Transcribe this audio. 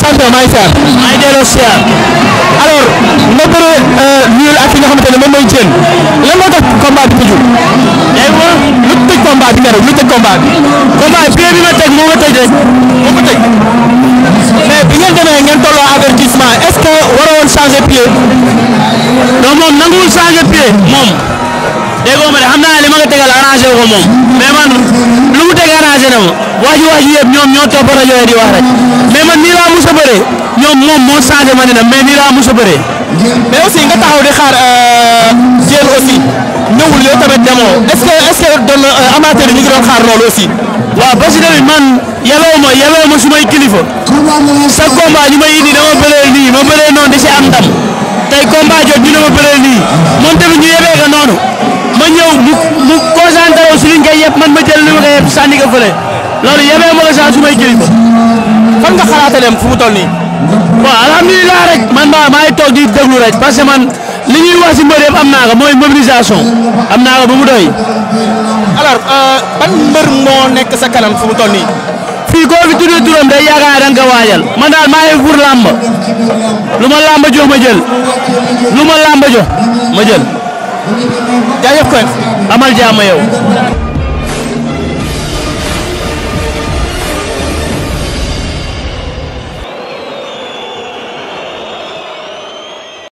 sant maa ngi siyaar. maa ngi delloo siyaar. alors nga bëre euh, nul ak ki nga xamante ne moom mooy Diène lan moo tax combat bi tëjul. dégg nga lu tëj combat bi keroog lu tëj combat bi. combat bi bi ma teg moo ma tëj rek moo ko tëj. mais bi ngeen demee ngeen tolloo avertissement est-ce que waroon changer pied. non moom nanguwul changer pied moom. dégg nga moom de xam naa li ma ko tegal arrangé wu ko moom. mais man lu mu teg arrangé na ma. waaju waaju yëpp ñoom ñoo topp rajo yi man nii laa mos a ñoom moom moo changé ma ne la mais nii laa mos a bëree. mais aussi di xaar jël euh, aussi ñëwul yow tamit demoo est ce que est euh, xaar loolu aussi. waaw parce que man yaloo ma yaloo ma su may sa combat ñu may indi dama nii ma bëree noonu di si am ndam tey combat jot ñu ne ma bëree nii moom tamit ñu yebee ko noonu ma ñëw mu mu concentré wu si liñ koy yëpp man loolu yemee ma la saa su may kilifa fan nga xalaate dem fu mu toll nii. waaw alhamdulilah rek man maa maa ngi toog di déglu rek parce que man li ñuy wax si am naa ko mooy mobilisation am naa ko mu doy. alors euh, ban mbër moo nekk sa kanam fu mu tol nii. fii koo fi tuddee turam day yaakaar da nga ko man daal maa ngi pour làmb lu ma làmb jox ma jël lu ma làmb jox ma jël. jaajëf amal jàmm yow.